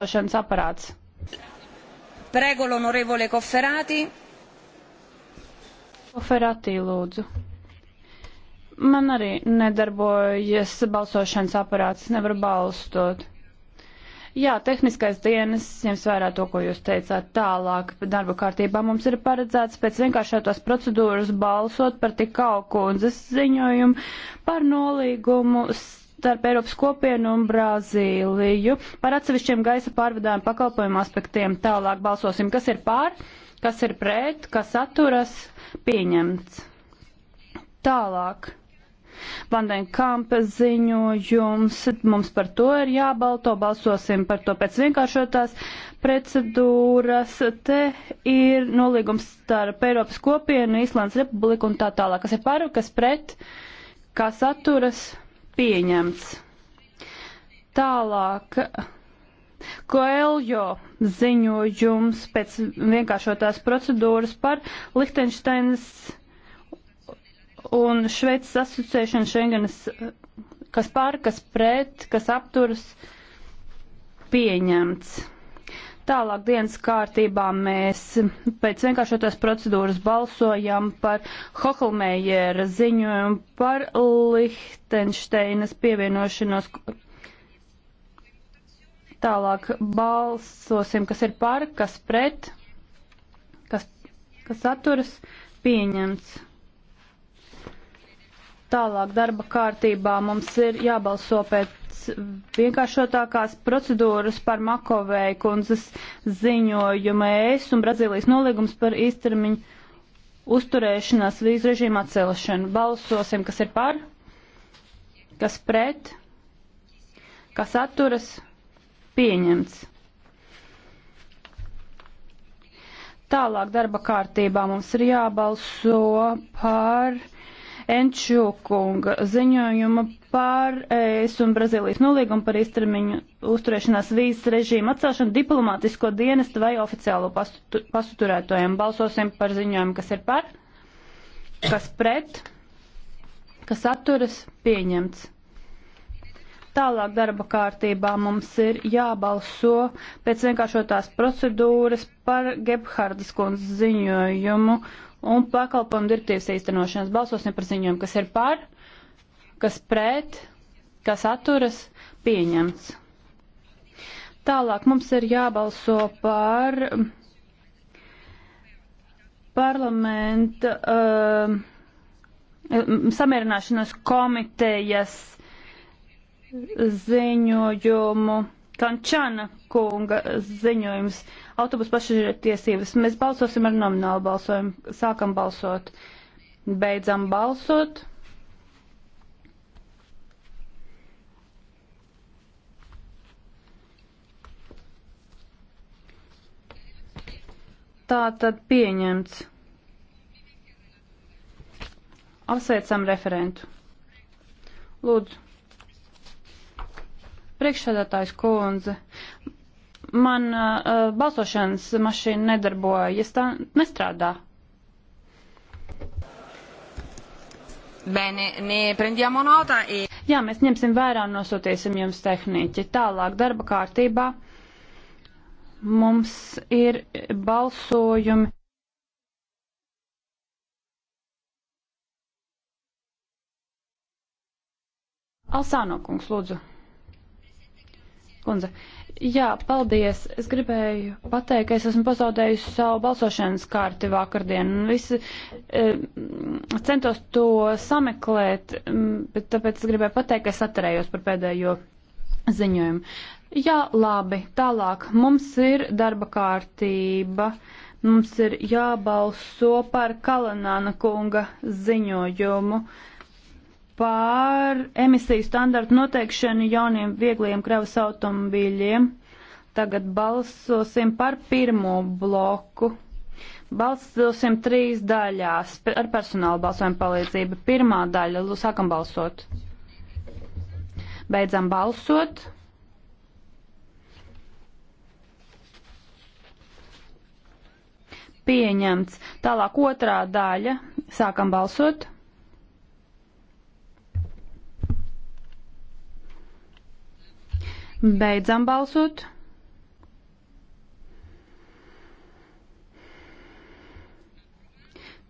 balsošanas aparāts. Prego l'onorevole Kofferati. Kofferati lūdzu. Man arī nedarbojas balsošanas aparāts, nevar balstot. Jā, tehniskais dienas ņems vērā to, ko jūs teicāt tālāk. Darba kārtībā mums ir paredzēts pēc vienkāršētos procedūras balsot par tik augundzes ziņojumu par nolīgumu starp Eiropas kopienu un Brazīliju par atsevišķiem gaisa pārvadājumu pakalpojumu aspektiem. Tālāk balsosim, kas ir pār, kas ir pret, kas atturas, pieņemts. Tālāk. Vandenkampa ziņojums, mums par to ir jābalto, balsosim par to pēc vienkāršotās procedūras. Te ir nolīgums starp Eiropas kopienu, Īslandes republiku un tā tālāk, kas ir par, kas pret, kas atturas pieņemts. Tālāk. Koeljo ziņojums pēc vienkāršotās procedūras par Lihtenšteinas un Šveicas asociēšanu Šengenas, kas pār, kas pret, kas apturas pieņemts. Tālāk dienas kārtībā mēs pēc vienkāršotās procedūras balsojam par Hohlmējera ziņojumu par Lihtenšteinas pievienošanos. Tālāk balsosim, kas ir par, kas pret, kas, kas atturas, pieņemts. Tālāk darba kārtībā mums ir jābalso pēc pēc vienkāršotākās procedūras par Makovēja kundzes ziņojumu ES un Brazīlijas nolīgums par īstermiņu uzturēšanās vīzu režīmu atcelšanu. Balsosim, kas ir par, kas pret, kas atturas, pieņemts. Tālāk darba kārtībā mums ir jābalso par Enčukunga ziņojuma par ES un Brazīlijas nolīgumu par īstermiņu uzturēšanās vīzas režīmu atcelšanu diplomātisko dienestu vai oficiālo pastu, pastuturētojiem. Balsosim par ziņojumu, kas ir par, kas pret, kas atturas, pieņemts. Tālāk darba kārtībā mums ir jābalso pēc vienkāršotās procedūras par Gebhardas kundzes ziņojumu un pakalpojumu direktīvas īstenošanas. Balsosim par ziņojumu, kas ir par, kas pret, kas atturas, pieņemts. Tālāk mums ir jābalso par parlamenta uh, samierināšanas komitejas ziņojumu, Kančana kunga ziņojums, autobus pašažiertiesības. Mēs balsosim ar nominālu balsojumu. Sākam balsot. Beidzam balsot. Tā tad pieņemts. Apsveicam referentu. Lūdzu. Priekšsēdētājs kundze, man uh, balsošanas mašīna nedarbojas, tā nestrādā. Bene, ne prendiamo nota. E... Jā, mēs ņemsim vērā un nosūtīsim jums tehniķi. Tālāk darba kārtībā mums ir balsojumi. Alsāno kungs, lūdzu. Kundze. Jā, paldies. Es gribēju pateikt, ka es esmu pazaudējusi savu balsošanas karti vakardien. Visi, e, centos to sameklēt, bet tāpēc es gribēju pateikt, ka es atcerējos par pēdējo ziņojumu. Jā, labi, tālāk. Mums ir darba kārtība. Mums ir jābalso par Kalanāna kunga ziņojumu pār emisiju standartu noteikšanu jauniem viegliem kravas automobīļiem. Tagad balsosim par pirmo bloku. Balsosim trīs daļās ar personāla balsojuma palīdzību. Pirmā daļa, sākam balsot. Beidzam balsot. Pieņemts. Tālāk otrā daļa, sākam balsot. Beidzam balsot.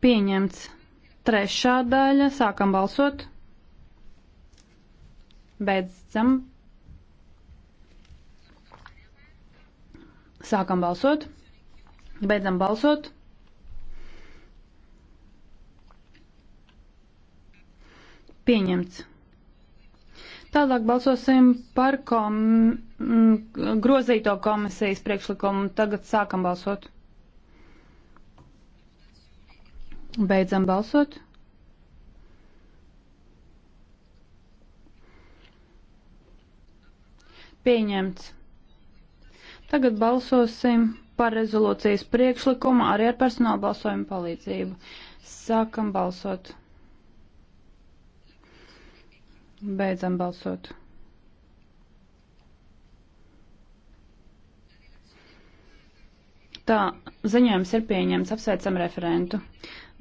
Pieņemts trešā daļa. Sākam balsot. Beidzam. Sākam balsot. Beidzam balsot. Pieņemts. Tālāk balsosim par kom, grozīto komisijas priekšlikumu. Tagad sākam balsot. Beidzam balsot. Pieņemts. Tagad balsosim par rezolūcijas priekšlikumu arī ar personāla balsojumu palīdzību. Sākam balsot. Beidzam balsot. Tā, ziņojums ir pieņemts, apsveicam referentu.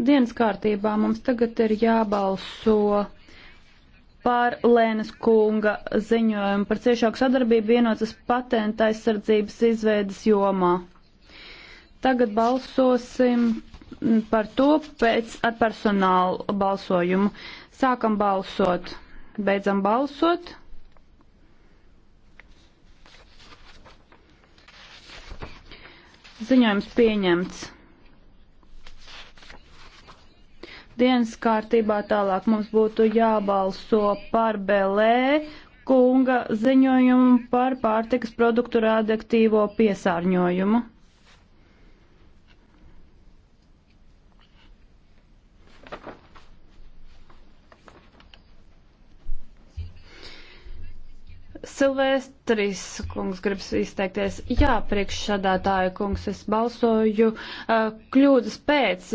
Dienas kārtībā mums tagad ir jābalso par Lēnas kunga ziņojumu par ciešāku sadarbību vienotas patenta aizsardzības izveidas jomā. Tagad balsosim par to pēc ar personālu balsojumu. Sākam balsot. Beidzam balsot. Ziņojums pieņemts. Dienas kārtībā tālāk mums būtu jābalso par Belē kunga ziņojumu par pārtikas produktu radioaktīvo piesārņojumu. Silvestris kungs gribas izteikties. Jā, priekšsādātāja kungs, es balsoju uh, kļūdas pēc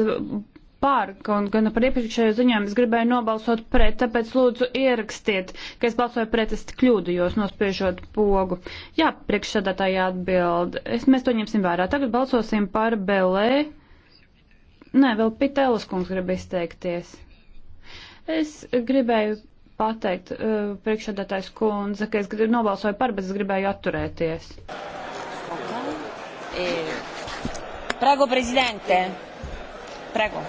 par, un gan par iepriekšējo ziņojumu es gribēju nobalsot pret, tāpēc lūdzu ierakstiet, ka es balsoju pret, es kļūdījos nospiežot pogu. Jā, priekšsādātāja atbild. Es, mēs to ņemsim vērā. Tagad balsosim par Belē. Nē, vēl Pitēlis kungs grib izteikties. Es gribēju pateikt, uh, priekšsēdētājs kundze, ka es nobalsoju par, bet es gribēju atturēties. Eh, prego, prezidente. Prego.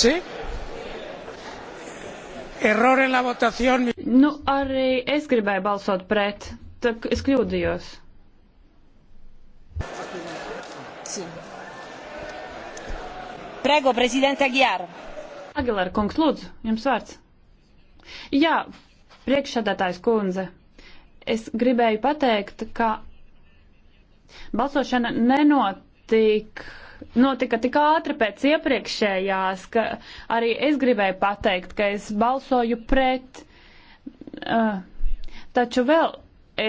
Sí. Error en la votación. Nu, arī es gribēju balsot pret, tad es kļūdījos. Sí. Prego, prezidenta Gjāra. Agilar kungs, lūdzu, jums vārds. Jā, priekšsādātājs kundze, es gribēju pateikt, ka balsošana nenotika notika tik ātri pēc iepriekšējās, ka arī es gribēju pateikt, ka es balsoju pret. Uh, taču vēl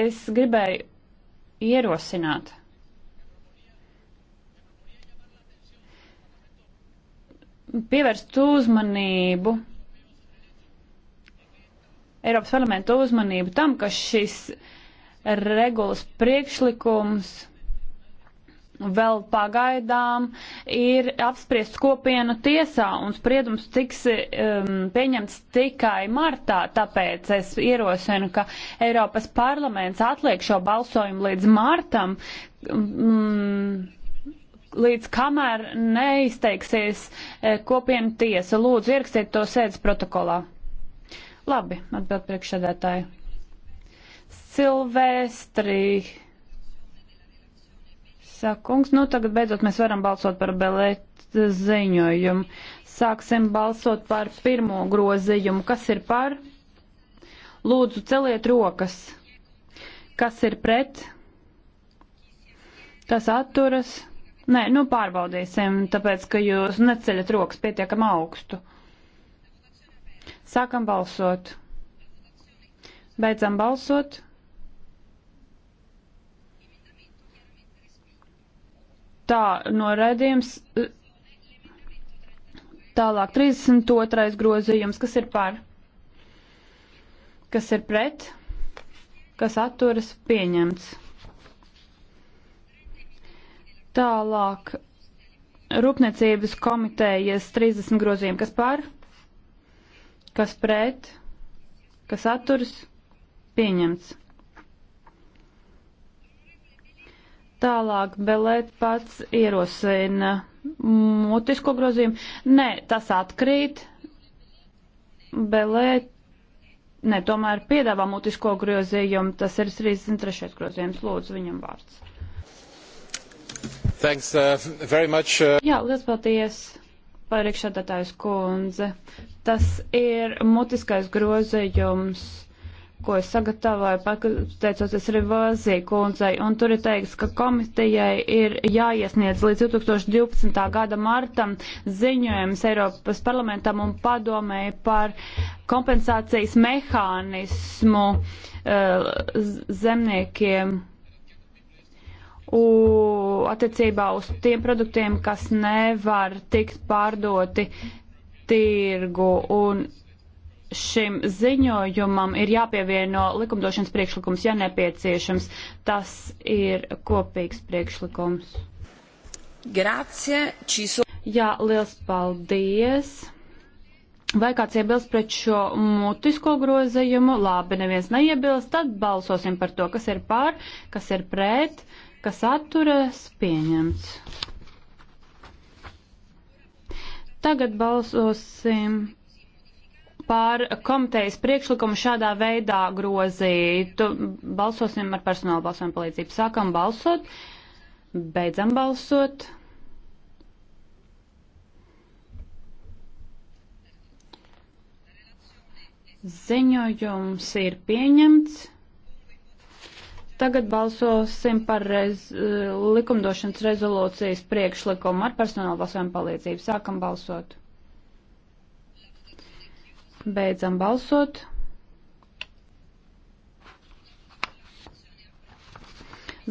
es gribēju ierosināt. pievērst uzmanību, Eiropas parlamenta uzmanību tam, ka šis regulas priekšlikums vēl pagaidām ir apspriests kopienu tiesā un spriedums tiks um, pieņemts tikai martā, tāpēc es ierosinu, ka Eiropas parlaments atliek šo balsojumu līdz martam. Um, līdz kamēr neizteiksies e, kopiena tiesa. Lūdzu, ierakstiet to sēdes protokolā. Labi, atbild priekšsēdētāji. Silvestri. Sakungs, nu tagad beidzot mēs varam balsot par belētu ziņojumu. Sāksim balsot par pirmo grozījumu. Kas ir par? Lūdzu, celiet rokas. Kas ir pret? Tas atturas. Nē, nu pārbaudīsim, tāpēc, ka jūs neceļat rokas pietiekam augstu. Sākam balsot. Beidzam balsot. Tā, noraidījums. Tālāk 32. grozījums, kas ir par, kas ir pret, kas atturas pieņemts. Tālāk Rūpniecības komitejas 30 grozījumi, kas par, kas pret, kas atturas, pieņemts. Tālāk Belēt pats ierosina mutisko grozījumu. Nē, tas atkrīt. Belēt, nē, tomēr piedāvā mutisko grozījumu. Tas ir 33. grozījums. Lūdzu, viņam vārds. Thanks, uh, very much, uh... Jā, liels paldies, pārīkšādātājs kundze. Tas ir mutiskais grozījums, ko es sagatavoju, pateicoties arī Vāzī kundzei, un tur ir teiks, ka komitejai ir jāiesniedz līdz 2012. gada martam ziņojums Eiropas parlamentam un padomēji par kompensācijas mehānismu uh, zemniekiem attiecībā uz tiem produktiem, kas nevar tikt pārdoti tirgu. Un šim ziņojumam ir jāpievieno likumdošanas priekšlikums, ja nepieciešams. Tas ir kopīgs priekšlikums. Grācie, čiso. Jā, liels paldies. Vai kāds iebilst pret šo mutisko grozījumu? Labi, neviens neiebilst, tad balsosim par to, kas ir pār, kas ir pret. Uh, kas atturas pieņemts. Tagad balsosim par komitejas priekšlikumu šādā veidā grozītu. Balsosim ar personāla balsojumu palīdzību. Sākam balsot, beidzam balsot. Ziņojums ir pieņemts. Tagad balsosim par rez, eh, likumdošanas rezolūcijas priekšlikumu ar personāla balsojumu palīdzību. Sākam balsot. Beidzam balsot.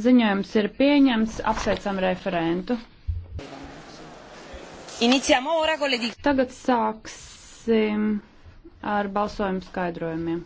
Ziņojums ir pieņemts. Apsveicam referentu. Tagad sāksim ar balsojumu skaidrojumiem.